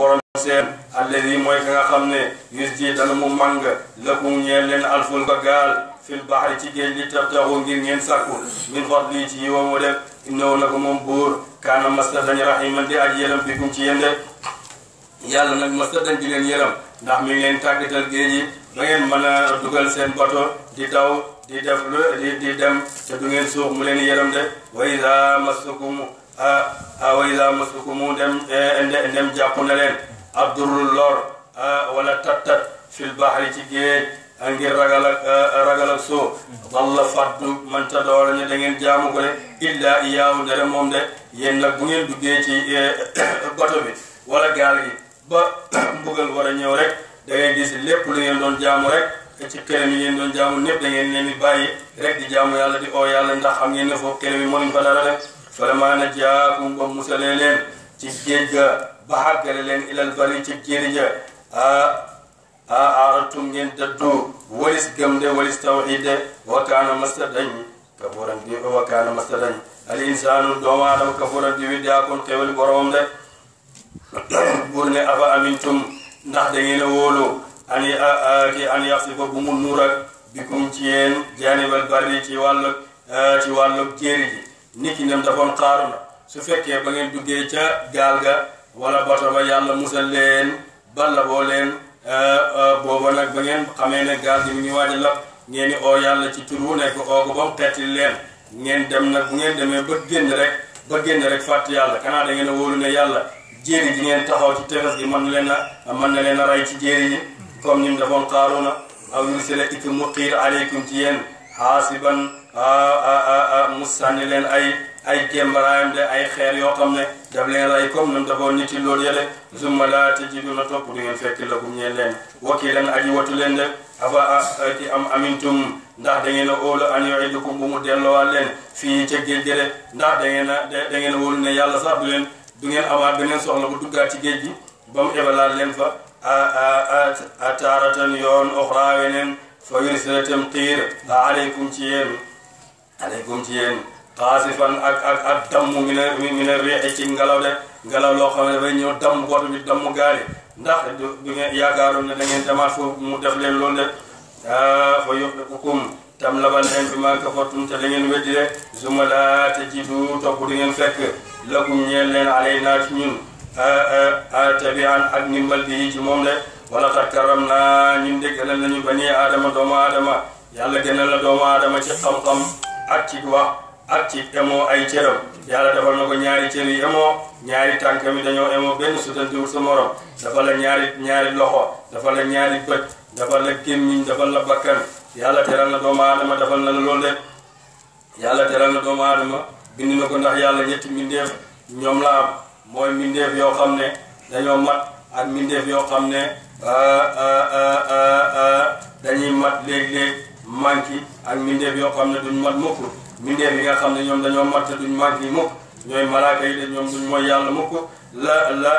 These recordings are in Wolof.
borom seen alladi mooy ka nga xam ne yus ji dana mu màng lakum ñeel leen ba gaal fil baxri ci géej li tabtaxu ngir ngeen sàkku min fadli ci yiwam mu def innahu na ko moom buur kaana masta dañ rahiman di aj yéram bikum ci yéen de yàlla nag masta dañ di leen yéram ndax mi ngi leen tàggatal géej yi ba ngeen mën a dugal seen bato di taw di def lu di di dem te du ngeen suux mu leen yéram de wa ida mastukum ah ah ko mu masakumu eh, ndem ndem jàpp na leen abdurul lor ah, wala tattat fil bahri ci géej ah, ngir ragal ak ah, ragal ak soo walla faddu manta doola ñu da ngeen jaamu ko de illa iyaahu ndere moom de yéen nag bu ngeen duggee ci eh, bato bi wala gaal gi ba mbugal war a ñëw rek da ngay gis lépp lu ngeen doon jaamu rek ci këram yi ngeen doon jaamu népp da ngeen leen di bàyyi rek di jaamu yàlla di oo yàlla ndax xam ngeen ne foofu këram yi mënuñ fa dara rek falammaa najjaakum ba musalee leen ci géej ga ba xàggale leen ilal bari ci géej ja a ah, ah, aratum ngeen dëddu walis gëm de walis tawxiid de wakaana masta dañ kafuran bi wakaana masta dañ al insaanu doomu aadama kafuran bi wi daakoon xewal boromam de buur ne afa amintum ndax da ngeen a wóolu an an yaxsifa bu mu nuur ak bikum ci yéen jaanibal ci wàllu ah, ci ji nit ñi nam defoon xaaru su fekkee ba ngeen duggee ca gaal ga wala bato ba yàlla musal leen balla boo leen eh, eh, booba nag ba ngeen xamee ne gaal gi mu ngi waaj a lab ngeen di oo yàlla ci tur wu nekk oo ko ba mu xetti leen ngeen dem nag bu ngeen demee ba génn rek ba génn rek fàtte yàlla kanaa da ngeen wóolu ne yàlla jéeri ji ngeen taxaw ci tefes gi mën na leen na man na leen a rey ci jéeri ji comme ni mu defoon xaaru na aw yursila ikum muqiir aleykum ci yéen mu sànni leen ay ay gémbaraayam de ay xeer yoo xam ne daf leen rey comme nam dafoon nit yi loolu yële summa laa tajiduna topp du ngeen fekk lakum ñeen leen wakiilan aji watu leen de afa ci am amintum ndax da ngeen a óolu an yu'idukum bu mu delloowaat leen fii ca géej gi de ndax da ngeen a da a wóolu ne yàlla sax du leen du ngeen amaat beneen soxla bu duggaat ci géej gi ba mu ebalaat leen fa a taaratan yoon oxraa weneen fa yursila tamtiir aleykum ci yéen aleykum ci yéen xaasifan ak ak ak damm mi ne mi ne réexi ngelaw de ngelaw loo xam ne dafay ñëw damm bootu bi damm gaali ndax du ngeen ne da ngeen demaat mu def leen loolu de ah fa yuhlikum tam labal leen bi maa kafartum te da ngeen weddi de summa laa tajidu topp du ngeen fekk lakum ñeel leen alaynaa ci ñun tabian ak ndimbal bi ci moom de wala takkaram naa ñun déggalal nañu bani aadama doomu aadama yàlla gënal la doomu aadama ci xam-xam. ak ci wax ak emoo ay cëram yàlla defal na ko ñaari cër yi emoo ñaari tànkam yi dañoo emoo benn sutantiwul sa morom dafa la ñaari ñaari loxo dafa la ñaari bët dafa la gémmiñ dafa la bakkan yàlla teral na doomu aadama dafa la loolu de yàlla teral na doomu adama bind na ko ndax yàlla ñetti mbindeef ñoom la am mooy mbindeef yoo xam ne dañoo mat ak mbindeef yoo xam ne ah, ah, ah, dañuy mat léeg-léeg manqué ak mindeef yoo xam ne duñ mat mukk mindeef bi nga xam ne ñoom dañoo mat te duñ manqué mukk ñooy malaaka yi de ñoom duñ mooy yàlla mukk la la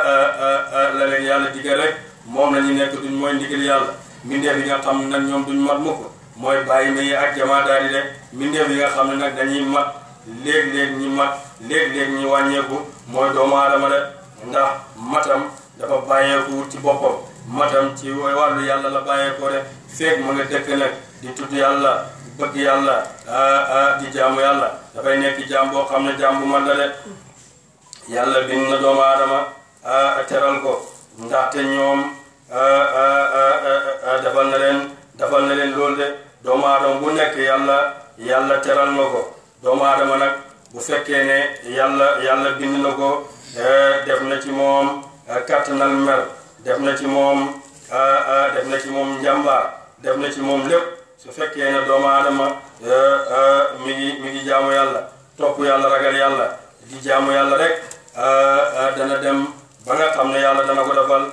la yàlla digal rek moom la ñu nekk duñ mooy yàlla mindeef yi nga xam ne nag ñoom duñ mat mukk mooy bàyyi ma yi ak jamaa daal di de mindeef nga xam ne nag dañuy mat léeg-léeg ñi mat léeg-léeg ñi wàññeeku mooy doomu aadama de ndax matam dafa bàyyeeku ci boppam matam ci wàllu yàlla la bàyyeekoo de feeg mu nga dëkk nag di tudd yàlla di bëgg yàlla ah ah di jaamu yàlla dafay nekk jaam boo xam ne jaam bu mag la de yàlla bind na doomu aadama a ah, teral ko ndaxte ñoom ah, ah, dafal na leen dafal na leen loolu de doomu aadama bu nekk yàlla yàlla teral na ko doomu aadama nag bu fekkee ne yàlla yàlla bind na ko eh, def na ci moom eh, kattanal mer def na ci moom def na ci moom njàmbaar def na ci moom lépp su fekkee ne doomu aadama eh, eh, mi ngi mi ngi jaamu yàlla topp yàlla ragal yàlla di jaamu yàlla rek eh, dana dem ba nga xam ne yàlla dana ko defal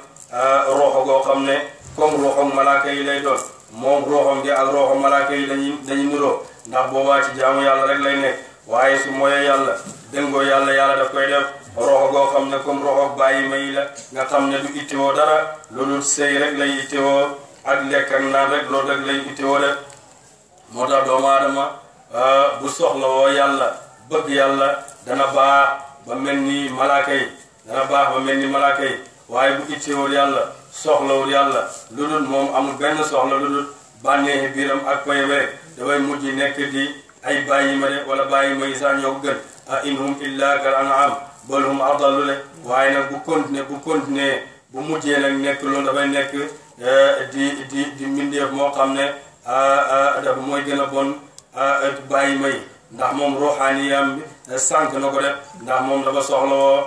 rooxo goo xam ne comme rooxom malaaka yi lay doon moom rooxom gi ak rooxom malaaka yi dañuy dañuy niroo ndax yàlla rek lay nekk waaye su mooyee yàlla déngoo yàlla yàlla daf def roxo goo xam ne comme roxo bàyyi may la nga xam ne du ittewoo dara loolu sëy rek lay ittewoo ak lekk ak naan rek loolu rek lañ itti wala moo tax doomu aadama ah, bu soxla woo yàlla bëgg yàlla dana baax ba mel ni malaaka yi dana baax ba mel ni malaaka yi waaye bu itteewul yàlla soxlawul yàlla lu dul moom amul benn soxla lu dul bànneexi biiram ak koy we dafay mujj nekk di ay bàyyi ma de wala bàyyi ma yi sax ñoo ko gën a ah, in hum illa kal an'am bal hum adallu le waaye nag bu continuer bu bu mujjee nag nekk loolu dafay nekk Euh, di di di mbindeef moo xam ne euh, euh, dafa mooy gën a bon bàyyi may ndax moom ruuxaaniyam bi sànq na ko def ndax moom dafa soxlawoo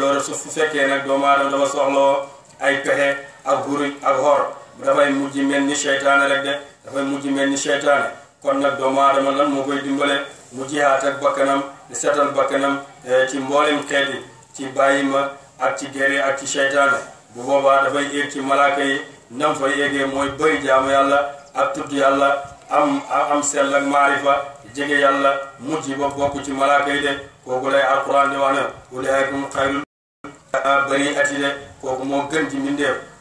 loolu su fekkee nag doomu dama dafa soxlawoo ay pexe ak xuruj ak xor dafay mujj mel ni seytaane rek de dafay mujj mel ni seytaane kon nag doomu aadama lan moo koy dimbale mu jihaat ak bakkanam di setal bakkanam ci mboolem xeet yi ci bàyyi ma ak ci gere ak ci seytaane bu boobaa dafay éeg ci malaaka yi ñam fa yéegee mooy bëri jaamu yàlla ak tudd yàlla am am sell ak maarifa jege yàlla mujj ba bokk ci malaaka yi de kooku lay alquran di wax ne ulaa'ikum xayrul bariati de kooku moo gën ci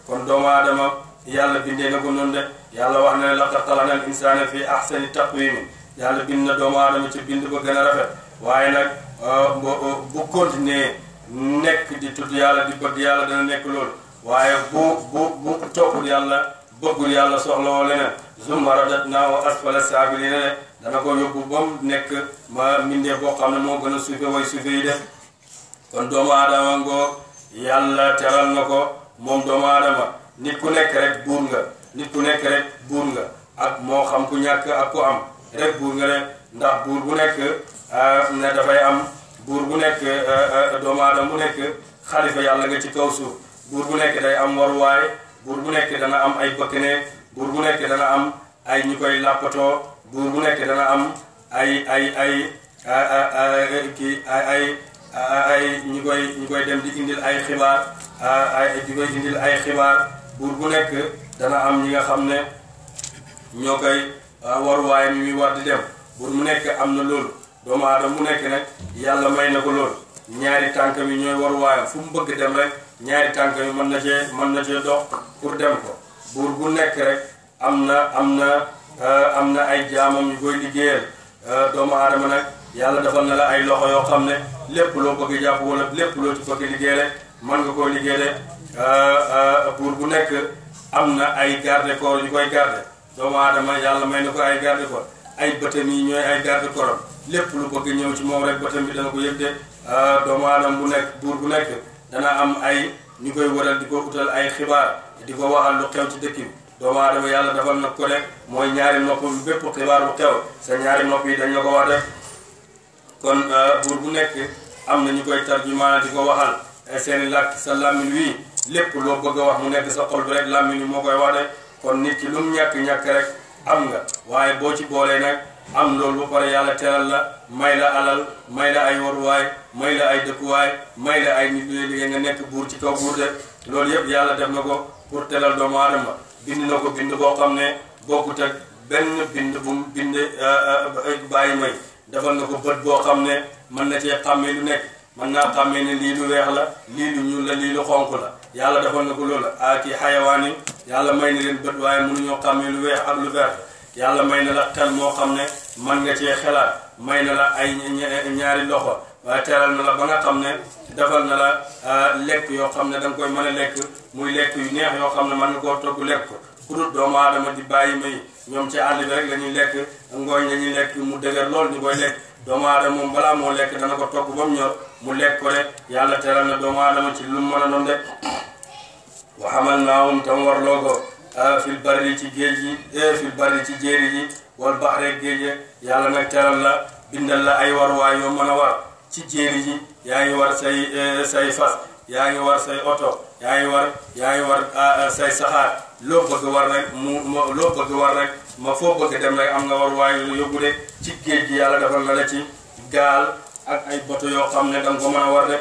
kon doomu aadama yàlla bindee na ko noonu de yàlla wax na ne laqad xalaqnal insaana fi ahsani taqwiim yàlla bind na doomu aadama ci bind ba gën a rafet waaye nag euh, bu continuer nekk di tudd yàlla di bëgg yàlla dana nekk loolu waaye bu bu bu toppul yàlla bëggul yàlla soxlawoo leneen zumma radat naa wa asfala saabilina ne dana ko yóbbu ba mu nekk ma mindee boo xam ne moo gën a suufe way suufe yi def kon doomu aadama ngoo yàlla teral na ko moom doomu aadama nit ku nekk rek buur nga nit ku nekk rek buur nga ak moo xam ku ñàkk ak ku am rek buur nga rek ndax buur bu nekk ah, ne dafay am buur bu nekk ah, ah, doomu aadama bu nekk xalifa yàlla nga ci kaw suuf buur bu nekk day am waruwaay buur bu nekk dana am ay bëkk-néeg buur bu nekk dana am ay ñu koy làppatoo buur bu nekk dana am ay ay ay kii ay ay ñu koy ñu koy dem di indil ay xibaar ay ñu koy indil ay xibaar buur bu nekk dana am ñi nga xam ne ñoo koy waruwaay mi muy war di dem buur mu nekk am na loolu doomu aadama mu nekk nag yàlla may na ko loolu ñaari tànk mi ñooy waruwaayam fu mu bëgg dem rek ñaari tànk yi mën na cee mën na cee dox pour dem ko buur bu nekk rek am na am na euh, am na ay jaamam yu koy liggéeyal euh, doomu aadama nag yàlla defal na la ay loxo yoo xam ne lépp loo bëgg jàpp wala lépp loo ci bëgg liggéeyale nga koo liggéeyale euh, buur bu nekk am na ay garde corps yu koy garde doomu aadama yàlla may na ko ay garde ay bëtam ay garde corps lépp lu bëgg ñëw ci moom rek bëtam bi dana ko yëg de doomu aadama bu nekk buur bu nekk danaa am ay ñu koy waral di ko utal ay xibaar di ko waxal lu xew ci dëkk bi doomu aadama yàlla defal na ko rek mooy ñaari nopp bi bépp xibaar bu xew sa ñaari nopp yi dañ la ko wax def kon euh, buur bu nekk am na ñu koy tarjumaana di ko waxal seeni làkk sa làmmiñ wii lépp loo bëgg a wax mu nekk sa xol bi rek làmmiñ wi moo koy wax de kon nit ki lu mu ñàkk ñàkk rek am nga waaye boo ci boolee nag am loolu ba pare yàlla teral la may la alal may la ay waruwaay may la ay dëkkuwaay may la ay nit ñuy liggéey nga nekk buur ci toog buur de loolu yëpp yàlla def na ko pour teral doomu aadama bind na ko bind boo xam ne bokkut ak benn bind bu mu bind eh, eh, bàyyi may defal na ko bët boo xam ne mën na cee xàmmee lu nekk mën naa xàmmee ne lii lu weex la lii lu ñuul la lii lu xonk la yàlla defal na ko loolu aaki xayawaan yi yàlla may na leen bët waaye mënuñoo xàmmee lu weex ak lu vert yàlla may na la xel moo xam ne man nga cee xelaat may na la ay ñaari loxo waaye teral na la ba nga xam ne defal na la ah, lekk yoo xam ne da koy mën a lekk muy lekk yu neex yoo xam ne mën nga koo togg lekk ku dul doomu aadama di bàyyi may ñoom ci àll bi rek la lekk ngooñ la ñuy lekk mu dëgër lool ñu koy lekk doomu aadama moom balaa moo lekk dana ko togg ba mu ñor mu lekk ko rek yàlla teral na doomu aadama ci lu mu mën a noon de wa xamal naa moom tam warloo ko fil barri ci géej gi fil barri ci jéeri ji wal baxre géej gi yàlla nag teral la bindal la ay war waay yoo mën a war ci jéeri ji yaa ngi war say eh, say yaa ngi war oto yaa ngi yaa ngi war say ah, ah, saxaar loo mu loo bëgg war am nga war waay ci géej gi yàlla defal na la ci gaal ak ay bato yoo xam ne danga ko mën a war de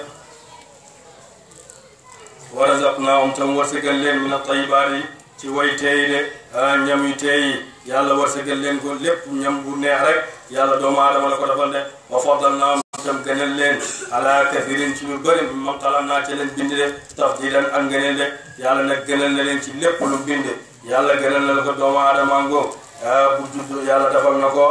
wa razaqnaahum tam wërsëgal leen min at-tayyibaat yi ci way teey de ah, ñam yi teey yàlla wërsëgal leen ko lépp ñam bu neex rek yàlla doomu aadama la ko defal de wa faddal naa tam gënal leen ala kathirin ci lu bëri mam talam naa ci leen bind de tafdilan ak ngëneel de yàlla nag gënal na leen ci lépp lu bind yàlla gënal na la ko doomu aadama ngoo ah, bu judd yàlla defal na ko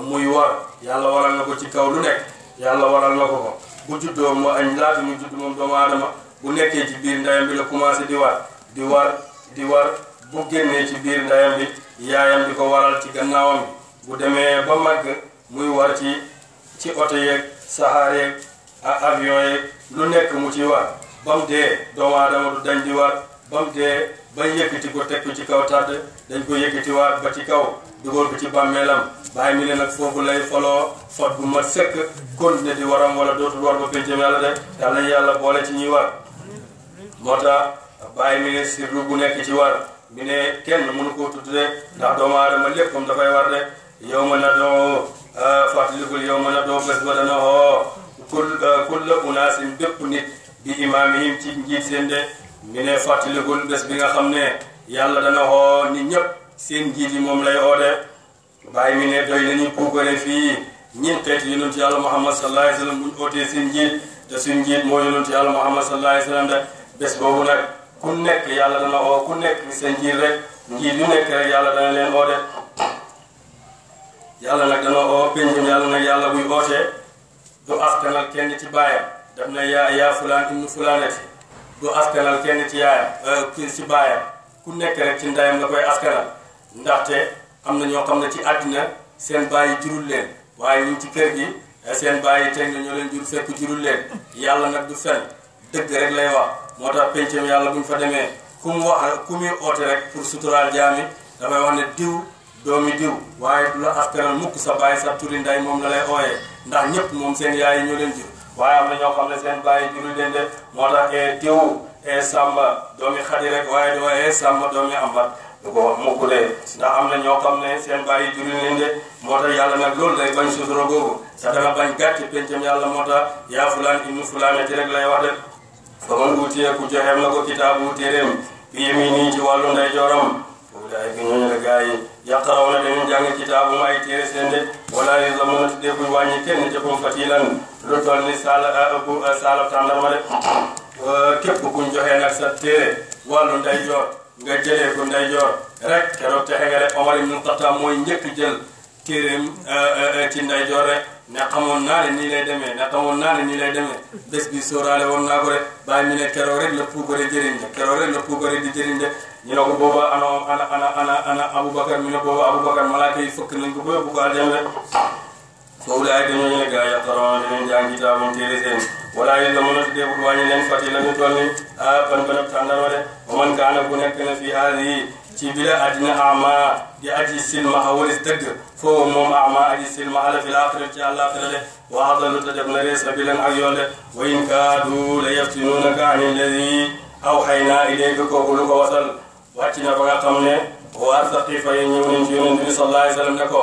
muy war yàlla waral na ko ci kaw lu nekk yàlla waral na ko ko bu juddoo mu añ laata mu judd moom doomu aadama bu nekkee ci biir ndeyam bi la di war di war di war bu génnee ci biir ndeyam bi yaayam di ko waral ci gannaawam bi bu demee ba màgg muy war ci ci oto yeeg saxaar yeeg ak avion yeeg lu nekk mu ci war ba mu dee doomu aadama du dañ di war ba mu dee bañ yëkkati ko teg ko ci kaw tàdd dañ ko yëkkatiwaat ba ci kaw dugal ko ci bàmmeelam bàyyi mi leen nag foofu lay foloo fot bu ma sëkk continuer di waram wala dootul war ba péncam yàlla de yàlla yàlla boole ci ñuy war moo tax bàyyi mi ne sirru bu nekk ci war bi ne kenn mënu koo tudd de ndax doomu aadama lépp comme dafay war de yow ma na doo ah, fàttalikul yow ma a doo bés ba dana oo kul ah, kulla unaasin bépp nit bi yi ci njiit seen de bi ne fàttalikul bés bi nga xam ne yàlla dana oo nit ñëpp seen njiit yi moom lay oo de bàyyi mi ne doy nañu puukare fii ñin xeet yonent yàlla muhammad sallallahu alayhi moo yonent yàlla muhammad sallallahu alayhi wa sallam de bés boobu nag ku nekk yàlla dana oo ku nekk seen njiit rek njiit yu nekk rek yàlla dana leen oo de yàlla nag dana oo pénjam yàlla nag yàlla buy ootee du askanal kenn ci baayam daf na yaa yaa fulaan ibnu fulaanati du kenn ci yaayam euh, ci baayam ku nekk ci ndayam la koy askanal ndaxte am na ñoo xam ne ci àddina seen baay yi jurul leen waaye ñu ci kër gi seen baay te teg na ñoo leen jur fekk jurul leen yàlla nag du fen dëgg rek lay wax moo tax pencam yàlla bu ñu fa demee ku mu wax ku muy oote rek pour suturaal jaami dafay wax ne diw doomi diw waaye du la askanal mukk sa baay sa turi nday moom la lay ooyee ndax ñëpp moom seen yaay yi ñoo leen jur waaye am na ñoo xam ne seen baay yi juru leen de moo tax e diw e eh, sàmba doomi xadi rek waaye du wax e eh, sàmba doomi ambat du ko wax mukk de ndax am na ñoo xam ne seen baay yi juru leen de moo yàlla nag loolu lay bañ sutura googu sa danga bañ gàcce pencam yàlla moo tax yaa fulaan ibnu fulaane ci rek lay wax de ba man uutiye ku joxeem na ko kitaabu téeréem bi yemini ci wàllu ndeyjooram ulaay bi ñooñu la gaa yi yaqaraw na dañu jàng kitaabu ma ay téere seen de wala yu zamono te deebuñ wàññi kenn ca kum fatilan lu toll ni saala ah, ah, saala tàndarma de képp kuñ joxee nag sa téere wàllu ndeyjoor nga jëlee ko ndeyjoor rek keroog te xegale Omar ibn Khattab mooy njëkk jël téereem ah, ci ndeyjoor rek ne xamoon naa ne nii lay demee ne xamoon naa ne nii lay demee bés bi sóoraale woon naa ko rek bàyyi mi ne keroog rek la puukare jëriñ de keroog rek la puukare di jëriñ de ñu ne ko booba ana ana ana ana ana Aboubacar mi ne booba Aboubacar malaaka yi fëkk nañ ko ba bu ko aljana rek foofu laay dañoo ñëw gaa yaqaroon dinañ jàng kitaaboon téere seen wala yi la mën a tuddee bu wàññi leen fàtte la ñu toll nii ah ban ban ak tàndarma de man kaana ku nekk na fii aadi ci bila àddina ama di aji silmaxa walis dëgg foo moom ama aji silmaxa la fi laaxira ci àllaaxira de wa adallu te def na rees a bilan ak yoon de wa in kaadu la yaftinuunaka an alladi awxaynaa ko wasal wàcc na ba xam ne waa saqiifa yi ñëw nañ ci yonent bi sallallahu alayhi wa ne ko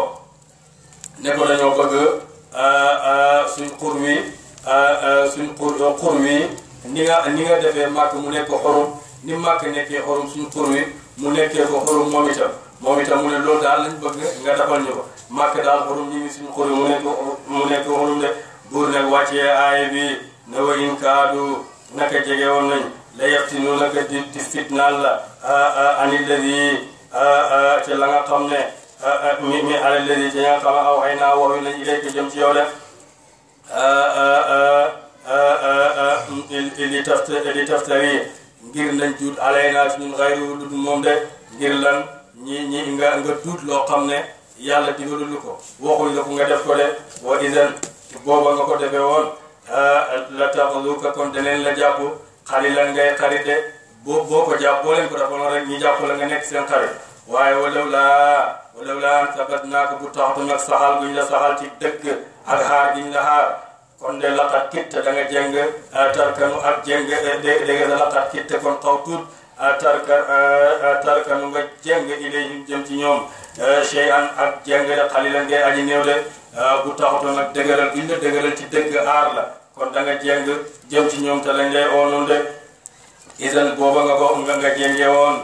ne ko dañoo suñ xur suñ xur xur nga defee màkk mu nekk xorum ni màkk nekkee xorum suñ xur mu nekkee ko xurum moom itam mu ne loolu daal lañ bëgg nga defal ñu ko màkk daal xurum ñu ngi suñu xurum mu nekk xurum de buur nag wàccee aaya bi ne wa in kaadu naka jege woon nañ la yaftinu naka di di fitnaal la ani ladi ci la nga xam ne mi mi ala ladi ci nga xam aw ay naa waxyu nañ ilayka jëm ci yow de li ngir lañ tuut alay naa si ñun xayru moom de ngir lan ñi ñi nga nga tuut loo xam ne yàlla digalul ko waxuñ la ko nga def ko de wa isan booba nga ko defee woon ah, la taxaluka kon deneen la jàpp xalilan ngay xarit de boo boo ko jàpp boo leen ko defoon rek ñi jàpp la nga nekk seen xarit waaye walaw laa walaw laa sabat naa ko bu taxatu nag saxal guñ la saxal ci dëkk ak xaar giñ la xaar kon de laqat kitte danga nga jeng euh, tarkanu ak jeng dégg euh, da laqat kitte kon xaw tuut euh, tarka tarkanu nga jeng ilayhim jëm ci ñoom chey an ak jeng de xalila ngay aji néew de bu taxutoon ak dëgëral buñ la dëgëral ci dëgg aar la kon danga nga jeng jëm ci ñoom te lañ lay oonoon de isan booba nga ko nga nga jenge woon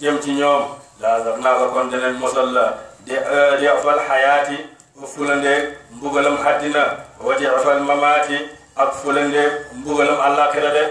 jëm ci ñoom laazar naa ko kon danañ mosal la di di abal xayaati o fulandeeg mbugalam haddina wa jaafal mamaati ak fulandeeg mbugalam àllaaxira de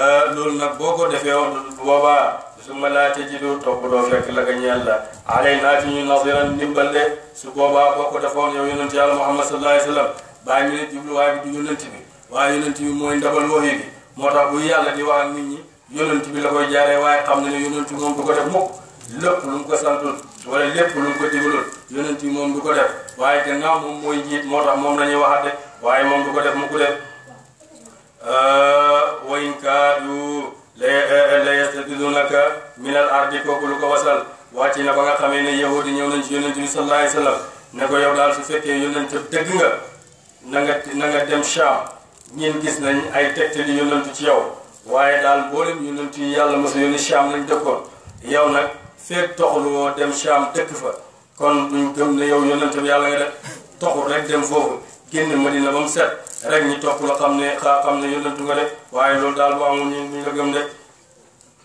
eh, loolu nag boo ko defee woon boobaa su ma laa tajidu topp doo fekk la nga ñeel la alay naa ci ñu nasiran ndimbal de su boobaa boo ko defoon yow yonent yàlla muhammad sallallahu alayhi wa sallam baa ñu ne jubluwaay bi du yonent bi waaye yonent bi mooy ndabal waxi bi moo tax bu yàlla di wax ak nit ñi yonent bi la koy jaaree waaye xam na ne yonent moom du ko def mukk lépp lu mu ko santul wala lépp lu mu ko digalul yonent yi moom du ko def waaye gannaaw mooy njiit moo tax moom la ñuy waxaat de waaye moom du ko def mu ko def euh, wa in kaadu la yastafizunaka min al ardi lu ko wasal wàcc na ba nga xamee ne yahud yi ñëw nañ ci yonent bi sallallahu alayhi ne ko yow daal su fekkee yonent dëgg nga na nga na nga dem Sham gis nañ ay tegtali yonent ci yow waaye daal mboolem yonent yi yàlla mos a yónni Sham nag feeg toxuloo dem Sham dëkk fa kon duñ gëm ne yow yonent bi yàlla nga def toxul rek dem foofu génn Madina ba mu set rek ñi topp la xam ne xaa xam ne yonentu nga def waaye loolu daal bu amul ñu ñu la gëm de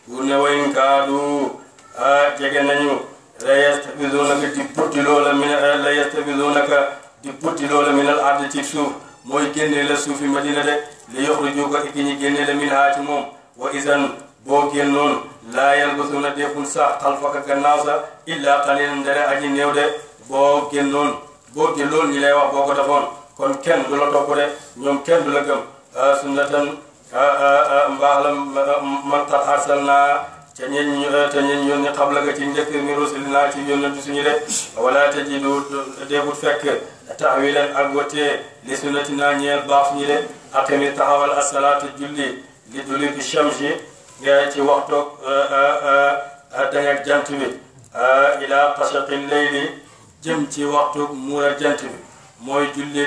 bu ne wayin a jege nañu la yastabidunaka di buddi loola min la yastabidunaka di buddi loola min al ardi ci suuf mooy génnee la suufi Madina de li yoxrijuka iki ñi génnee la min moom wa isan boo génnoonu laa yalbasuna deful sax xalfaka gannaaw sa illa qalilan ndare aji néew de boo génnoon boo génnoon ñi lay wax boo ko defoon kon kenn du la topp de ñoom kenn du la gëm ah, sunnatan ah, ah, mbaax la man qad arsalnaa te ñeen te ñeen yónni xabla ka ci njëkk mi rusulinaa ci yónnantu suñu de wala tajidu defut fekk tahwilan ak wotee li sunnatinaa ñeel baax ñi de aqimi taxawal asalaata julli li duluki shamsi ci waxtu dajeeg eh, eh, eh, jant bi ila xasaqil layli jëm ci waxtu muural jant bi mooy julli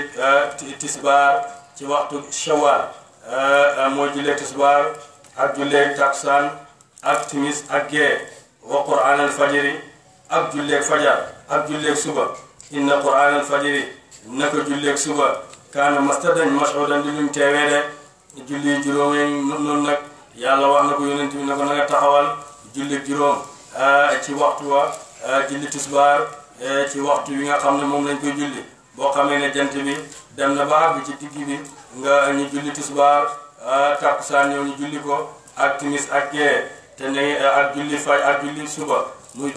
tisbaar ci waxtu shawaal mooy julli tisbaar ak julli taksaan ak timis ak gee wa quraan al fajiri ak julleeg fajar ak julleeg suba inna quraan al fajiri naka julleeg suba kaana masta dañ mashhudan di luñ teewee de julli juróomi noonu nag yàlla wax na ko yonent bi ne ko na nga taxawal julli juróom eh, ci waxtu wa eh, julli tisbaar eh, ci waxtu wi nga xam ne moom lañ koy julli boo xamee ne jant bi dem na baax ci digg bi nga ñu julli tisbaar takkusaan ñëw ñu julli ko ak timis ak gee te ne ak julli fay ak julli suba muy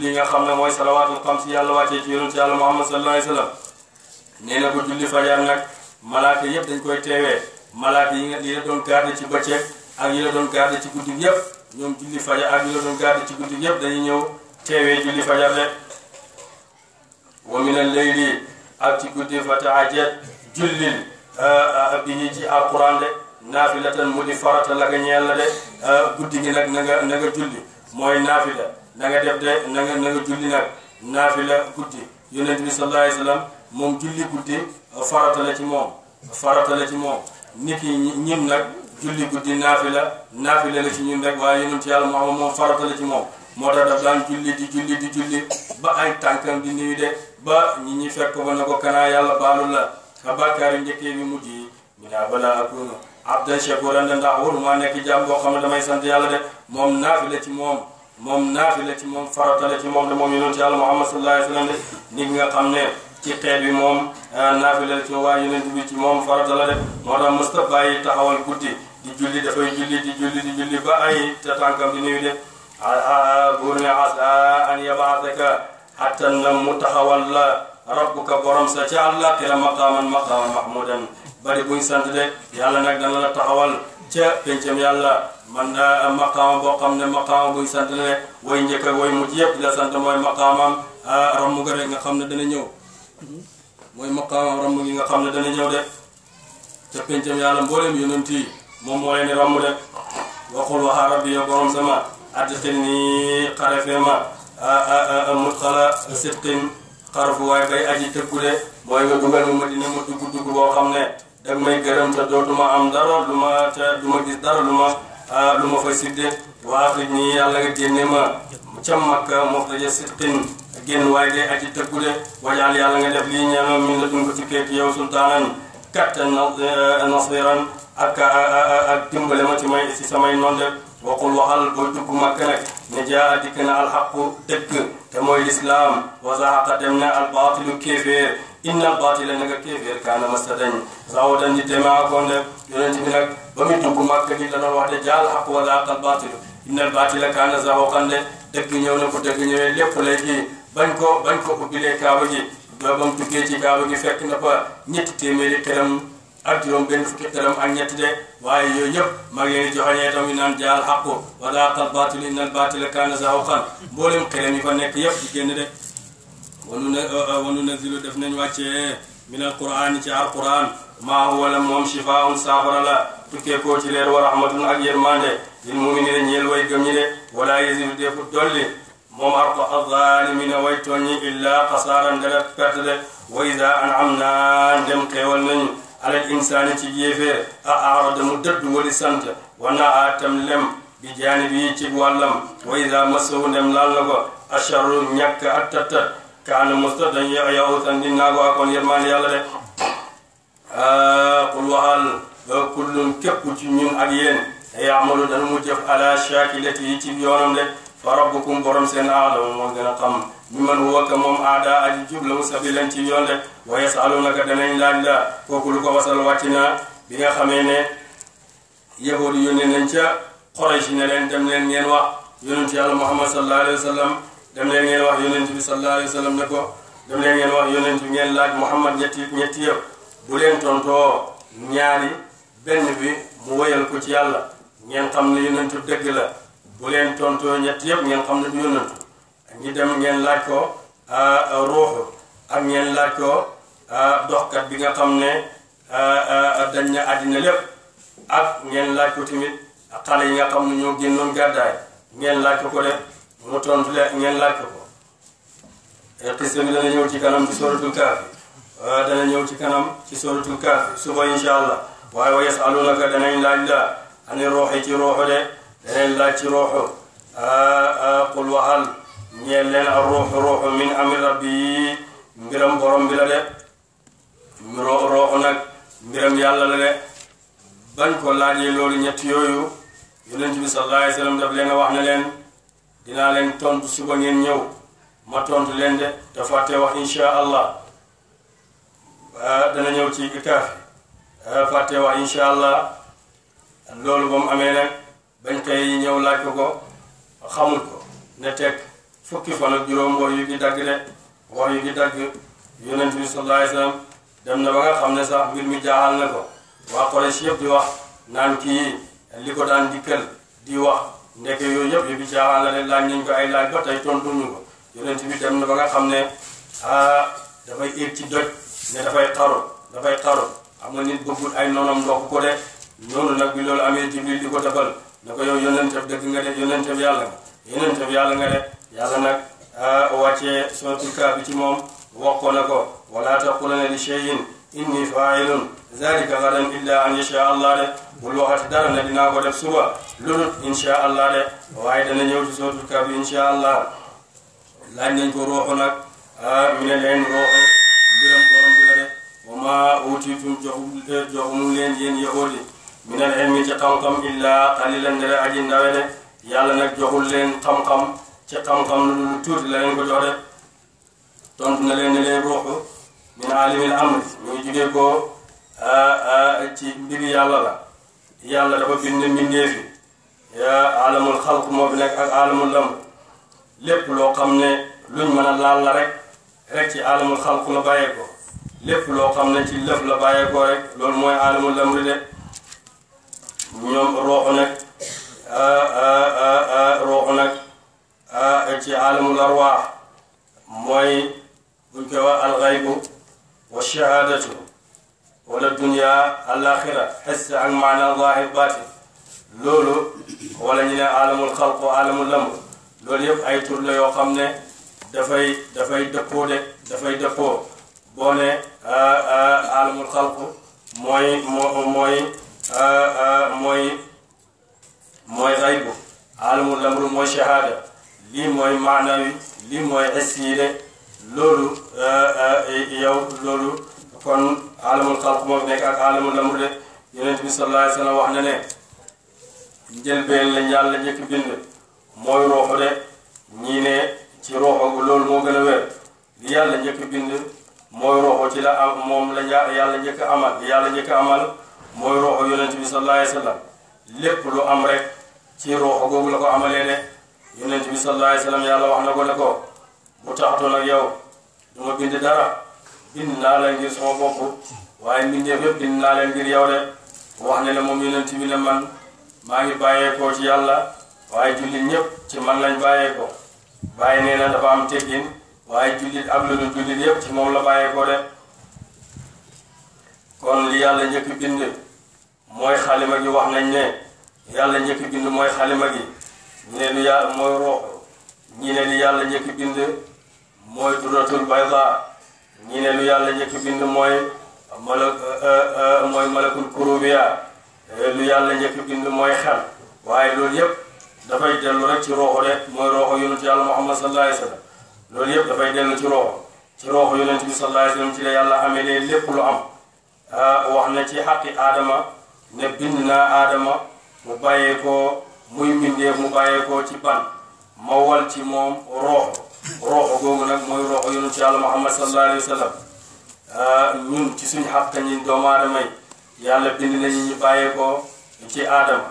yi nga xam ne mooy salawaatul xamsi yàlla wàccee ci yonent yàlla muhammad sallallahu alayhi wa sallam na ko julli fajar nag malaaka yëpp dañ koy teewee malaaka yi nga li doon garde ci bëccëg ak yi la doon garde ci guddi yëpp ñoom julli fajar ak yi la doon garde ci guddi yëpp dañuy ñëw teewee julli fajar de wa léegi al-layli ak ci guddi fa tahajjad jullil euh, bihi ci alquran de naafilatan mu di farata la nga ñeel la de euh, guddi gi nag na nga na nga julli mooy naafila na nga def de na nga na nga julli nag naafila guddi yonent bi sallallahu alayhi wa sallam moom julli guddi farata la ci moom farata la ci moom nit yi ñim nag julli guddi naafila naafila la ci ñun rek waaye yonent yàlla Muhammad moom farata la ci moom moo tax daf daan julli di julli di julli ba ay de ba ñi ñi fekk ko ba ko kanaa yàlla baalu la xa bàkkaar yu njëkkee bi mujj yi mi naa ah balaa akunu abdan shakuran da ndax waruma nekk jàmm boo xam ne damay sant yàlla de moom naafila ci moom moom naafila ci moom farata la ci moom de moom yonent yàlla Muhammad sallallahu alayhi nit nga xam ne ci xeet bi moom ah, naafila la ci moom waaye ci moom farata la de moo tax mësta bàyyi taxawal guddi di julli dafay julli di julli di julli ba ay ta tànkam di nuyu de bu ne asa an yabaataka attan na mu taxawal la rabbuka borom sa ci àlla kira maqaaman maqaaman mahmudan bari buñ sant de yàlla nag dana la taxawal ca pencam yàlla man na maqaama boo xam ne maqaama buñ sant ne way njëkk ak way mujj yëpp di la sant mooy maqaamam ramm ga rek nga xam ne dana ñëw mooy maqaamam ramm gi nga xam ne dana ñëw de ca pencam yàlla mboolem yonent yi moom moo leen di de waxul waxa rabbi yow borom sama adxilni xarafe ma mudxala sidqin xarafu waaye bay aji tëkku mooy nga dugal ma dina ma dugg dugg boo xam ne dag may gërëm te du ma am dara lu ma te du ma gis dara lu ma lu ma fa sidde waa axrij nii yàlla nga génne ma ca makka muxraja sidqin génn waaye day aji tëkku de wajaal yàlla nga def lii ñeema min nga dun ko tukkee ci yow sultaanan kattan eh, nasbiran ak ak dimbale ma ci may si samay noon de waxul waxal booy dugg màkk nag ne jaa dikk na alxaqu dëgg te mooy lislaam wa zahaqa dem ne albaatilu kéeféer inna albaatila naka kéeféer kaana masta dañ sawadan di demaa koon de yonent bi nag ba muy dugg màkk gi la doon wax de jaa alxaqu wa zahaqa albaatilu inna albaatila kaana zahuqan de dëgg ñëw na ko dëgg ñëwee lépp lay gi bañ ko bañ ko ubbilee kaaba gi loolu ba mu duggee ci gaalu gi fekk na fa ñetti téeméeri këram ak juróom benn fukki këram ak ñetti de waaye yooyu yëpp mag leen di joxañee itam yu naan jaal xaqu wala qal baatil innal baatila kaana zahuqan mboolem këram yi fa nekk yëpp di génn de wanu na wanu nazilu def nañ wàccee min al quraan ci al quraan maa huwa la moom shifaa'un saafara la tukkee koo ci leer wa rahmatun ak yërmande lil mu'miniina ñeel way gëm ñi de wala yasidu defu dolli moom arko a way tooñi illa xasaaran dara perte de wa ida anamna ndem xeewal nañu alal insaani ci yéefee a aarada mu dëddu wali sant wana a tam lem bi jaanibi ci wàllam wa ida masawu ndem laal na ko asharu ñàkk ak tattat kaana musta dañ yow tan di naa ko akoon yërmaan yàlla de qul waxal kullun képp ci ñun ak yéen yamalu dana mu jëf ala shakilati ci yoonam de fa rabbukum borom seen aalamu moo gën a xam bi man huwa moom aada aji jubla mustabilan ci yoon rek wa yasalunaka danañ laaj la kooku lu ko wasal wàcc na bi nga xamee ne yahuud yónnee nañ ca Quraysh ne leen dem leen ngeen wax yonentu yàlla Muhammad sallallahu alayhi wa sallam dem leen ngeen wax yonent bi sallallahu alayhi wa sallam ne ko dem leen ngeen wax yonent bi ngeen laaj Muhammad ñetti ñetti yëpp bu leen tontoo ñaari bi mu woyal ko ci yàlla ngeen xam ne yonentu dëgg la bu leen tontoo ñett yëpp ngeen xam ne du yónnantu ñi dem ngeen laaj ko ruuxu ak ngeen laaj ko bi nga xam ne dañ na àddina lépp ak ngeen laaj ko tamit xale yi nga xam ne ñoo génnoon gàddaay ngeen laaj ko ko de mu tontu leen ngeen laaj ko ko xiste bi dana ñëw ci kanam ci suratul kaafi dana ñëw ci kanam ci suratul kaafi suba incha allah waaye wa yasalunaka danañ a la ani ruuxi ci ruuxu de beneen laaj ci ruuxu qul waxal ñeel leen ak ruuxu ruuxu min amri rabbi mbiram borom bi la de ruuxu nag mbiram yàlla la de bañ ko laajee loolu ñetti yooyu yonent bi sallallahu alayhi wa sallam leen a wax ne leen dinaa leen tontu suba ngeen ñëw ma tontu leen de te wax insha allah dana ñëw ci ikaafi fàtte wax insha allah loolu ba amee nag bañ koy ñëw laaj ko ko xamul ko ne teg fukki fan ak juróom wax yu gi dagg de wax yu gi dagg yonent bi sallallahu alayhi wasallam dem na ba nga xam ne sax mbir mi jaaxal na ko waa Quraysh yëpp di wax naan kii li ko daan dikkal di wax ndeke yooyu yëpp yu bi jaaxal na de laaj nañ ko ay laaj ba tey tontuñu ko yonent bi dem na ba nga xam ne ah dafay éeg ci doj ne dafay xaru dafay xaru am nga nit bëggul ay noonam ndox ko de noonu nag bi loolu amee Jibril di ko defal na ko yow yonentab dëgg nga def yonentab yàlla yonentab yàlla nga def yàlla nag wàccee suratul kahfi ci moom wax ko na ko wala taqulanna li shay'in inni fa'ilun zalika gadan illa an yasha allah de bul waxati dara ne dinaa ko def suba lulut insha allah nag mi leen ruuxu mbiram borom bi de wa ma utitum joxu leen yéen yahood minal ilmi ci xam-xam illaa qalilan dara aji de yàlla nag joxul leen xam-xam ci xam-xam lu tuuti la leen ko jox de tontu na leen ne min alimil amri muy jugee ko ci mbiri yàlla la yàlla dafa bind mbindeef yi alamul xalq moo fi nekk ak alamul lam lépp loo xam ne luñ mën a laal la rek rek ci alamul xalq la bàyyee ko lépp loo xam ne ci lëf la bàyyee rek loolu mooy alamul lam ri ñoom ruux nag ruux nag ci alamul arwaax mooy buñ koy wax alxaybu wa shahaadatu wala dunya alaxira xes ak maana zaahir baatin loolu wala ñu alamul xalqu alamul lamb loolu ay tur yoo xam ne dafay dafay dëppoo de dafay dëppoo boo alamul xalqu mooy mooy Euh, euh, mooy mooy xaybu alamul lamru mooy shahaada lii mooy maanawi lii mooy essiire loolu euh, yow loolu kon alamul xalq moo fi nekk de yonent bi sallallahu alayhi wa sallam wax na ne njëlbeen la yàlla njëkk bind mooy rooxu de ñii ne ci rooxo loolu moo gën a wér li yàlla njëkk bind mooy rooxo ci la am moom la yàlla njëkk amal yàlla njëkk amal mooy rooxu yonent bi sallallahu alayhi wasallam lépp lu am rek ci rooxu googu la ko amalee de yonent bi sallallahu alayhi wasallam yàlla wax na ko ne ko bu taxatoon ak yow duma bind dara bind naa la ngir sama bopp waaye mbindeef yëpp bind naa leen ngir yow de wax ne ne moom yonent bi ne man maa ngi bàyyeekoo ci yàlla waaye jullit ñëpp ci man lañ bàyyeekoo bàyyi nee na dafa am teggin waaye jullit ak lu dul jullit yëpp ci la bàyyeekoo de kon li yàlla njëkk bind mooy xalima gi wax nañ ne yàlla bind mooy xalima gi ñu yàlla mooy bind mooy duratul bayda ñi ne lu yàlla njëkk bind mooy malak euh, euh, euh, mooy malakul kurubiya lu yàlla njëkk bind mooy xel waaye loolu yëpp dafay dellu rek ci rooxu rek mooy rooxu yonent yàlla muhammad sallallahu alayhi wa sallam loolu yëpp dafay dellu ci rooxu ci rooxu yonent bi sallallahu ci la yàlla amee lépp lu am Euh, wax na ci xaqi aadama ne bind naa aadama mu bàyyeekoo muy mbindeef mu bàyyeekoo ci ban ma wal ci moom rooxo rooxo googu nag mooy rooxo yonent yàlla muhammad sallallahu alayhi wa sallam euh, ñun ci suñu xaq ñi doomu aadama yi yàlla bind nañu bàyyeekoo ci aadama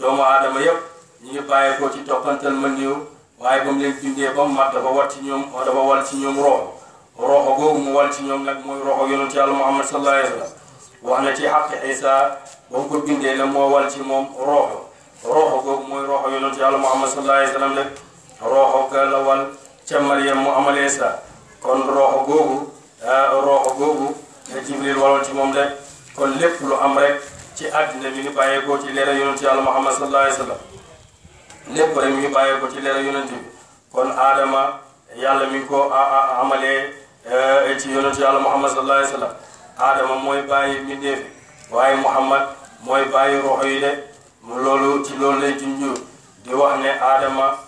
doomu aadama yëpp ñu ngi bàyyeekoo ci toqantal ma néew waaye ba mu leen bindee ba mu mat dafa wat ci ñoom dafa wal ci ñoom rooxo roxo googu mu wal ci ñoom nag mooy roxo yonent yàlla muhammad sallallahu alayhi wa sallam ci xaqi isa ba mu ko bindee moo wal ci moom roxo roxo googu mooy roxo wa ah, rek mu moom kon lépp lu am rek ci àddina mi ngi bàyyeekoo ci leera yonent ci leera yonent bi kon aadama yàlla mi ngi ko ah, ah, amalee E, e ci yonentu yàlla muhammad sallallahu alayhi wa sallam mooy bàyyi mbindeef waaye muhammad mooy bàyyi roxo yi de mu loolu ci loolu lay junju di wax ne aadama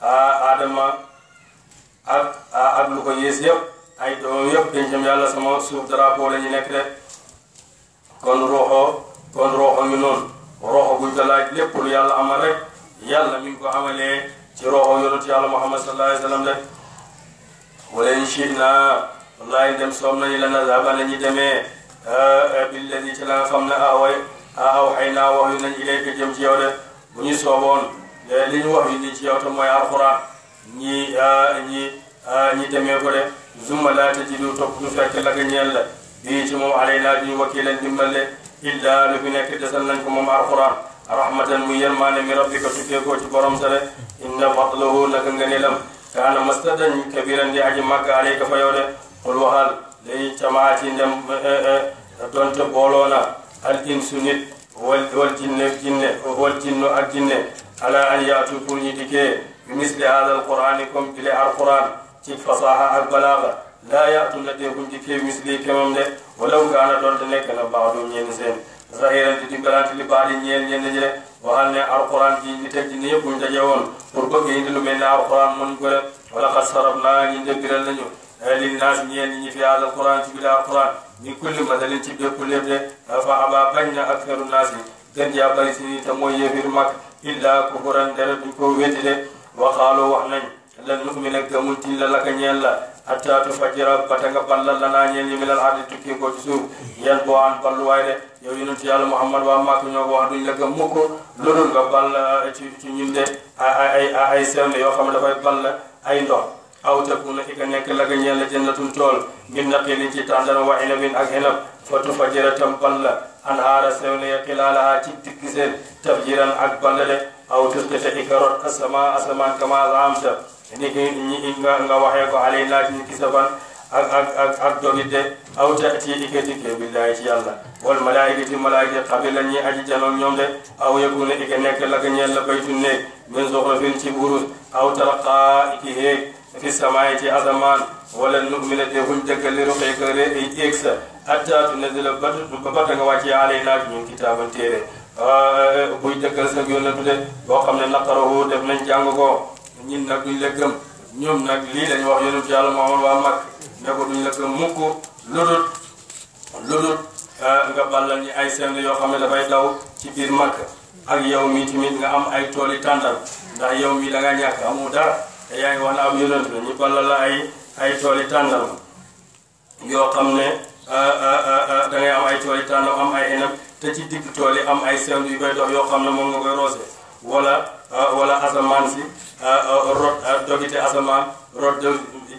aadama ak ak lu ko yées yëpp ay doom yëpp dencam yàlla sama suuf drapeau la ñu nekk de kon roxo kon roxo ñu noonu roxo buñ ko laaj yàlla amal rek yàlla mi ko amalee ci roxo yonentu yàlla muhammad sallallahu alayhi wa de wala incha allah wallaahi dem soob nañu la nazaba la ñu demee ah, billadi ci la nga xam ne away ah aw ah, xëy naa wax yu nañ jëm ci yow de bu ñu sooboon eh, li ñu ni ci yow te ñi ñi ñi demee ko de zumma laa tajidu topp du fekk la nga ñeel la bii ci moom alay naa duñu wakkii de illa lu fi nekk desal nañ ko moom alxuraan rahmatan muy yërmaane mi rabbika tukkee ko ci borom sa de inna fadlahu naka nga nelam kaana masdadan kabiran di aji màgg alayka fa yow de qul waxal lay jamaati ndem eh, eh, eh, donte booloo na al insu nit wal wal jinne jinne wal jinnu ala an yaatu pour ñu dikkee bi misli hada al qurani comme bile al quran ci fasaha ak balaaga laa yaatu na deekuñ dikkee bi misli kemam de walaw kaana donte nekk na baax du ñeen seen zahiran di dimbalante li baal yi ñeen ñenn ñi a ne alquran ji ni teg ji ni yëpp buñ daje woon pour bëgg indi lu mel ne alquran mën ko def wala xas sarab naa ñu njëkkiral nañu lin naas ñeen ñi fi àll ci biir alquran ñu kulli masalin ci bépp lépp de dafa abaa bañ na ak feru naas yi gën jaa bari si nii te mooy yëfir mag illa kufuran dara duñ ko weddi de waxaaloo wax nañ lan nu'mina gëmul tin la laka ñeel la hatta tufajjira bata nga ballal lanaa ñeel ñi minal ardi tukkee ko ci suuf yan boo aan balluwaay de yow yonent yàlla Muhammad waa Màkka ñoo wax duñ la gëm mukk loolu nga ball euh, ci ci ñun de ay ay ay sewn yoo xam ne dafay ball ay ndox aw takuna i ka nekk la ka a la jannatun tool min naqiilin ci tàndara wa inabin ak inab fa tufajjira tam ball anhaara sewn ya xilaalaha ci digg seen tabjiran ak ball i ka rot asamaa asamaan kama ni ki ñi nga nga waxee ko alay naa ci ki ak ak ak ak dogite aw te ci ikke dikke billaahi ci yàlla wal malaayikati malaayika xabila ñi aji janoog ñoom de aw yëguna ikke nekk la ko ñeel la baytu néeg min zuxrafin ci burus aw taraqaa iki héeg fi samaay ci asamaan wala numina te huñ dëggal li ruqee ka ré ay éeg sa hatta tunazila bat ba nga wàcce alay naa ci ñun kitaaban téere ah, buy dëggal sa yónnatu de boo xam ne naqarahu def nañ jàng ko ñun nag duñ la gëm ñoom nag lii lañu wax yonent yàlla Muhammad waa mag ne ko duñ la gëm mukk ludul ludul ah, nga ballal ñi ay seen yoo xam ne dafay ci biir mag ak yow mii tamit am ay tool yi tàndal ndax yow mii da nga ñàkk amu yaa ngi wax ne am yonent la ñu ballal la ay ay tool yi tàndal yoo xam ne ah, ah, da ngay am ay tool yi tàndal am ay enam te ci digg tool yi am ay seen yu koy dox yoo xam ne moom nga koy roose wala. wala euh, asamaan si euh, euh, rot dogite asamaan rot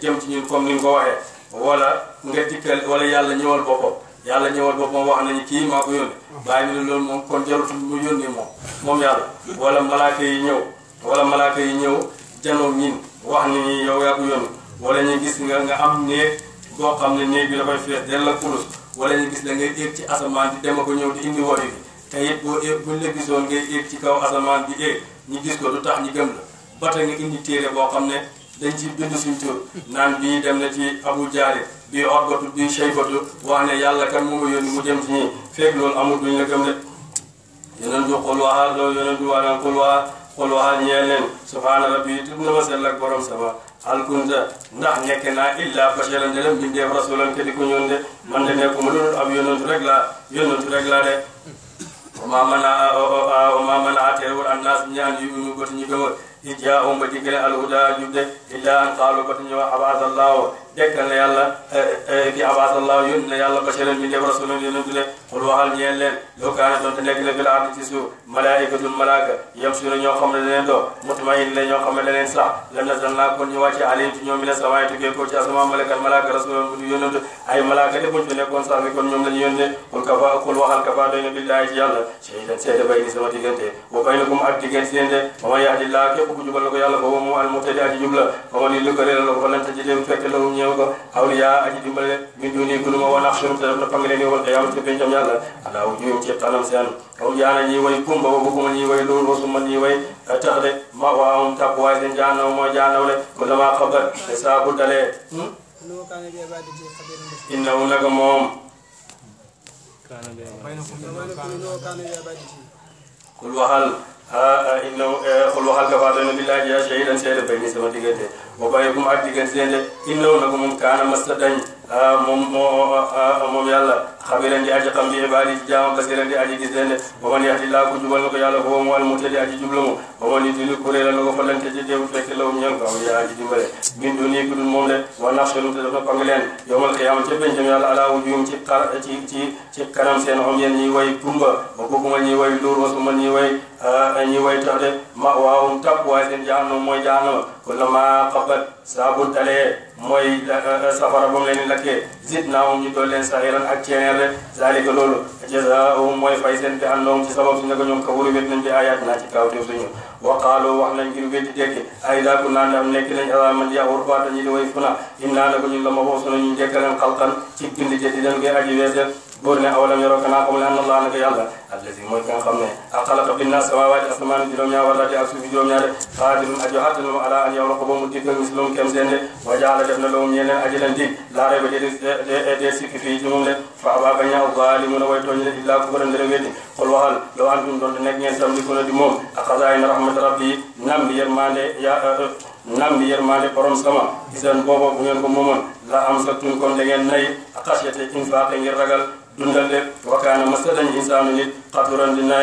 jëm ci ñun comme ni nga ko waxee wala nga dikkal wala yàlla ñëwal boppam yàlla ñëwal boppam wax nañu kii maa ko yónni bàyyi mu loolu moom kon jarut mu yónni moom moom yàlla wala malaaka yi ñëw wala malaaka yi ñëw janoom ñin wax ni ñi yow yaa ko yónni wala ñu gis nga nga am néeg boo xam ne néeg bi dafay fees del la kulus wala ñu gis la ngay éeg ci asamaan di dem ko ñëw di indi wari te it boo éeg la ci kaw asamaan di éeg ñu gis ko lu tax ñu gëm la ba tey nga indi téere boo xam ne dañ ci bind suñ tur naan bii dem na ci abu jaari bii orgotu bii shaybatu wax ne yàlla kan moo ma yónni mu jëm ci ñi feeg loolu amul duñ la gëm de yeneen du xul waa a yeneen du waa naan xul waa xul waa ñeel leen subhaana rabbi tub na ma sell a borom sama alkunta nekk naa illa basharan de dem bindeef rasulan ke di ko ñoon de man de nekkuma lu ab yonantu rek laa yonantu rek laa de ma mën a annaas ñaan yu ñu goti ñi gëwa i jaahum ba diggale alhuda jubde illa an qaalu goti ñi wa dekkal na yàlla eh, eh, fi la ardi ne leneen doo mutmain la ñoo xam ne ne samaay tukkee ko la ñu yónnee xul kafa wa baynakum ak diggante seen de wa man yahdillah képp ku jubal na ko yàlla boobu moom al muhtadi ñëw ko awliya aji dimbale leen min duni ku duma woon ak a te def na pang leen yowal qiyaamati ca pencam yàlla alaa wujuhum ci tanam seen awliya na ñuy way kumba wa a ñuy way luur wa summa ñuy way tax de ma waawum tàkkuwaay seen jaanaw mooy jaanaw le ku lama xabar te saa bu dalee hmm? innahu naka moom kul waxal ah, ah eh, inna xul waxal kafaa doy na billaahi yaa shahidan seede bay ni sama diggante boo bàyyi kum ak diggante leen de inna nag moom kaana mas dañ ah, moom moo ah, moom yàlla xabiran di aji xam bi ibaadi jaam basiran ku dul moom de wa naqshanu te kanam seen om yéen ñiy way kumba ba bokkuma ñiy way luur wasuma ñiy way ah, way tax de ma waawum tàpp waaye seen jahannam mooy jahannama kon na maa xabat saabu dalee mooy ah, ah, safara ba mu leen lakkee zid naa moom ñu dool leen saxiran ak ceeneer de zalika loolu jazaahum mooy fay seen bi annahum ci sabab suñu ko ñoom kafaru wét nañ bi ayaat naa ci kaw def suñu wa qaalu wax nañ ngir weddi dekki ay daa kunnaa ndax nekk nañ alaman yaxur baata ñi di way funa innaa la ko ñun la ma foof suna ñu njëkkaleen xalqan ci bind jëti dañ koy aji buur ne awalam yaroo kanaa xamul anna allah naka yàlla allazi mooy ka nga xam ne ak xalaqa bi naas samaawaati asamaan juróom-ñaar wala ak suuf juróom-ñaar xaadirun ko mu diig nga mislum de wa jaala def na loolu ñeneen aji leen diig dee sikki fii ci moom fa abaa bañ a zaalimuuna way tooñ de illaa ku bëra ndëra weddi waxal loo antum doon nekk ngeen tam di moom ak xazaayina rahmat rabbi nam bi yërmande ya nam bi yërmande borom sama isan boobu bu ngeen ko moomoon la am sa tuñ kon da ngeen dundal de wakkaana masalan insaanu nit xaturan dina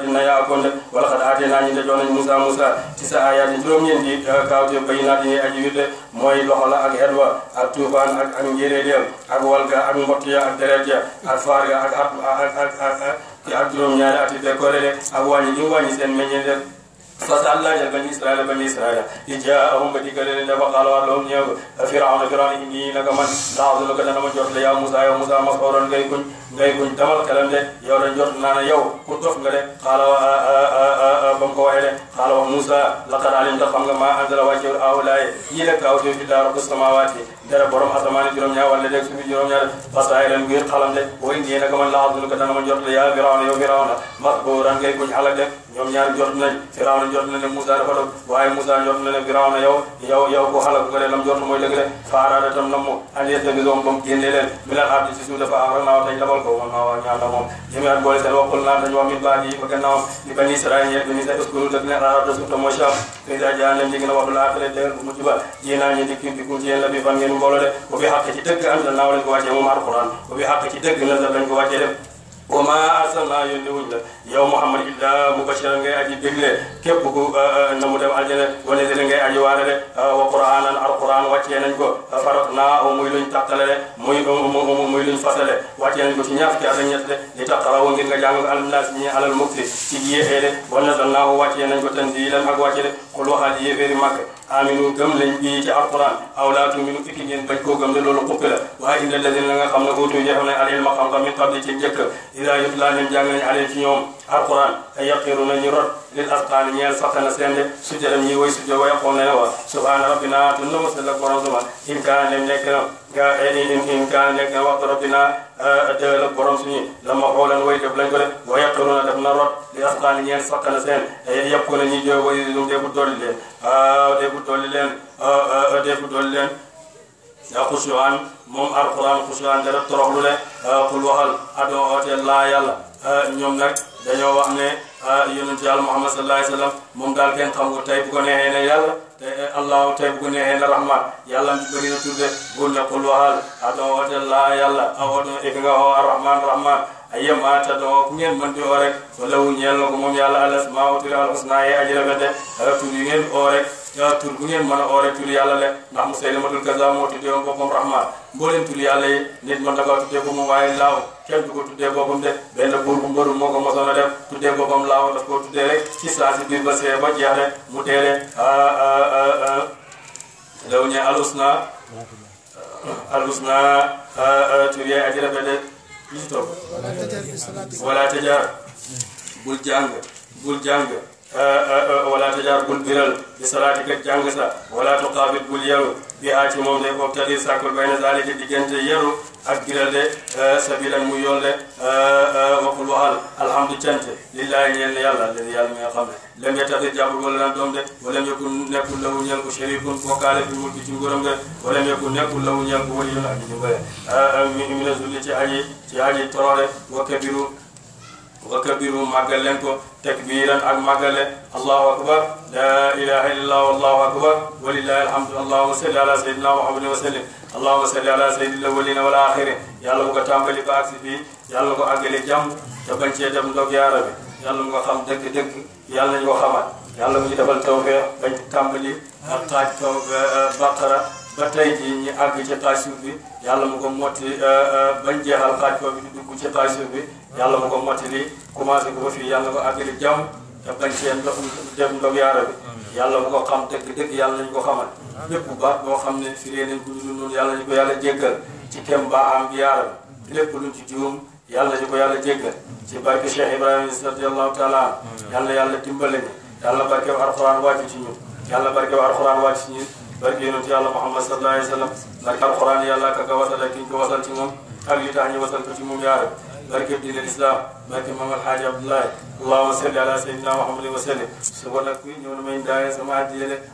dina eh, eh, yaakoon de wala xat aatee naa ñu de jox nañ Moussa Moussa ci sa ayaati juróom-ñeenti eh, kaawte bay naa di aji wir de mooy loxo la ak xet wa ak tuufaan ak ak njéeréer ya ak walga ak mbott ya ak deret ya ak faar ga ak ak ak ak juróom-ñaari ati de koore de ak wàññi di wàññi seen meññeen de فسألنا جل بني إسرائيل بني إسرائيل إن جاءهم بديك لنا فقال لهم يا فرعون فرعون إني لك من لا أظنك لنا من جرت يا موسى يا موسى مسحورا ngay guñ ngay guñ damal xelam de yow de jot naa ne yow ku dof nga de xaala ba mu ko waxee de xaala wax Musa laqad alimta xam nga maa anzala wàccewul awlaaye ñii de kaaw fi daa rabbu samawaati dara borom asamaan juróom-ñaar wala de de way nii nag yaa Firawna yow Firawna masburan ngay ñoom ñaar jot nañ Firawna jot na ne Moussa dafa dog waaye Moussa jot na ne Firawna yow yow yow ko xalaat nga ne lam jot mooy dëgg de faaraada tam na mu andies ta bisoom ba mu génne leen mi leen aar di si suuf dafa aar naaw tañ labal ko man naa waa ñaar la moom jëmi at boole seen waxul naa dañ wax min baa yi ba gannaawam li bani Israël ñeet bani Israël uskuru dëgg ne aarada suuf ta mooy saam bani Israël jaan leen jigi na waxtu laa xale dëgg bu mujj ba ji naa ñu dikki bi ku ci yéen la bi fan ngeen mbooloo de bu bi xàq ci dëgg an la naaw lañ ko wàccee moom alquran bu bi xàq ci dëgg na lañ ko wàccee def wa maa arsalnaa yónni wuñ la yow Muhammad illa mubashiran ngay aji bégle képp ku uh, uh, na mu dem aljana wa nazira ngay aji waare de uh, wa qur'aanan alqur'aan wàccee nañ ko faratnaa muy luñ tattale de muy um, um, um, muy luñ fasale wàccee nañ ko ci ñaar fukki at ak ñett de li taqra'u ngir nga jàng alan naas ñi alal mukti ci yéexee de wa nazalnaahu wàccee nañ ko tanziilan ak wàcce de qul waxal yéeféeri màkk aminu gëm lañ bii ci alquran aw laa tuminu ikki ngeen bañ koo gëm loolu xuppi la waaye inda lazina nga xam ne uutu yoo xam ne alil ma xam-xam min qabli ci njëkk ida yutla leen jàng nañ aleen ci ñoom alquran ay yaqiru nañu rot lil asqaani ñeel saxtana seen de sujjadam ñi way sujjo way xool ne wa subhaana rabbina te namasalak borom suma in kaana dem nekk na ga eni ɗin ɗin ganle ga waktu rabbina dela borom suñi lama xoolan way def lañ ko def wa yaqiruna def na rot li asqaani ñeen saqana seen yàpku na ñi jooy way ɗum deebu dolli leen deebu dolli leen deebu dolli leen an moom alquran xuslu an dara toroxlu le qul waxal ado ootee laa yàlla ñoom nag dañoo wax ne ah, yonent yàlla muhammad sallallahu alayhi wasallam moom daal kenn xam ko tey bu ko neexee yàlla te eh, allahu tey bu ne rahman yàlla na tudde bu nekkul waxal adoo woote laa yàlla a woote ek a tadoo ku ngeen mën di oo rek wala wu ñeel na moom yàlla alas maa wutul al husna ye aji rafet tur yi ngeen oo rek tur bu ngeen mën a oo rek tur yàlla le ndax Musaylamatul Kazzab moo tuddee woon boppam rahman mboolem tur yàlla yi nit mën na ko tuddee ko moom waaye laaw kenn du ko tuddee boppam de benn buur bu mbëru moo ko mosoon a def tuddee boppam laaw daf koo tuddee rek ci saa si biir ba see ba jeex mu dee de law ñe alusna alusna tur yaay aji rafet de li ci topp wala tajar bul jàng bul jàng wala tajaar bul biral bi salaati kat jàng sa wala tuqaabit bul yaru bi aati moom de kooku tadir sàkkul bay na zaalika diggante yaru ak biral de sabilan mu yoon de waxul waxal alhamdu cant lillahi ñeel na yàlla leen yàlla mi xam ne lam yatadir jàppul wala lan doom de wala yakun nekkul lawu ñeel ko sharikun bokkaale fi mulki ci nguuram de wala yakun nekkul lawu ñeel ko waliyun ak dimbale mina zulli ci aji ci aji torox de wa wa kabiru màggal leen ko takbiran ak màggale allahu akbar la ilaha illallah wallahu akbar walillahi alhamdu allahuma salli ala sayyidina muhammadin wa sallim allahuma salli ala sayyidil awwalina wal axirin yàlla bu ko tàmbali ba agsi fii yàlla na ko àggale jàmm te bañ cee dem ndog yaara bi yàlla ñu ko xam dëgg-dëgg yàlla ko xamaat yàlla mu ñu defal tawfeex bañ tàmbali ak taaj taw baqara ba tey jii ñi àgg ci taasif bi yàlla mu ko motti euh, euh, bañ jeexal xaaj ko bi di dugg ci taasif bi yàlla mu ko motti li commencé ko ba fii yàlla ko àgg di jàmm te bañ seen dem ndox yàlla mu ko xam dëgg dëgg yàlla nañu ko xamal lépp baat boo xam ne fi rée nañ ko dund yàlla nañu ko ci kem ba am bi yaara bi lépp luñ ci juum yàlla nañu ko yàlla jéggal ci barke Cheikh Ibrahima Niass radiyallahu taala yàlla yàlla dimbale ñu yàlla barke alxuraan wàcc ci ñu yàlla barke alxuraan wàcc ci ñu barke yonent yàlla Muhammad sallallahu alayhi wa sallam ndax alxuraan yàlla ka ka wasal ak ki ñu ko wasal ci moom ak li tax ñu wasal ko ci moom yaara barke diine lislaam barke maam alxaaji Abdoulaye allahumma salli ala sayyidina Muhammadin wa sallim suba nag